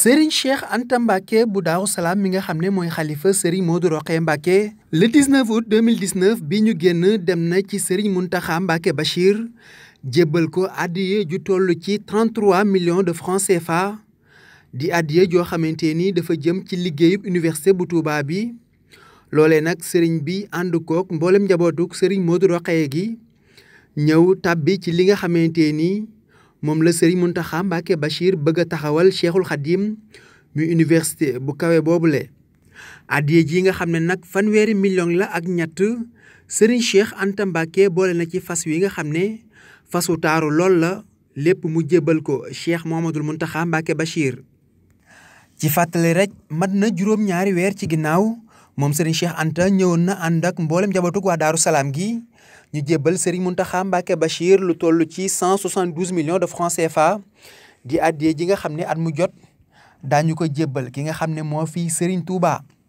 Serigne Cheikh Anta Mbacke bu Daaru Salaam mi nga xam ne mooy xalifa Serigne Modou Rokhaya Mbacke le 19 août 2019 bi ñu génn dem na ci Serigne Mountakha Mbacke Bachir jébbal ko addiye ju toll ci 33 millions de francs fa di addiye joo xamante ni dafa jëm ci liggéeyub université bu Touba bi loole nag Serigne bi ànd koog mboolem njabootug Serigne Modou Rokhaya gi ñëw tàbbi ci li nga xamante ni. moom la Serigne Mountakha Mbacké Bachir bëgg a taxawal Cheikhul Khadim muy université bu kawe boobule. addiye ji nga xam ne nag fanweeri million la ak ñett Serigne Cheikh Anta Mbacké boole na ci fas wi nga xam ne fasu taaru lool la lépp mu jébbal ko Cheikh Mouhamadoul Mountakha Mbacké Bachir. ci fàttali rek mat na juróom ñaari weer ci ginnaaw. moom Serigne Cheikh Anta ñëwoon na ànd ak mboolem jabatug waa Daaru Salaam gi ñu jébbal Serigne Mountakha Mbacké Bachir lu toll ci 172 millions de francs CFA di addee ji nga xam ne at mu jot daañu ko jébbal ki nga xam ne moo fii Serigne Touba.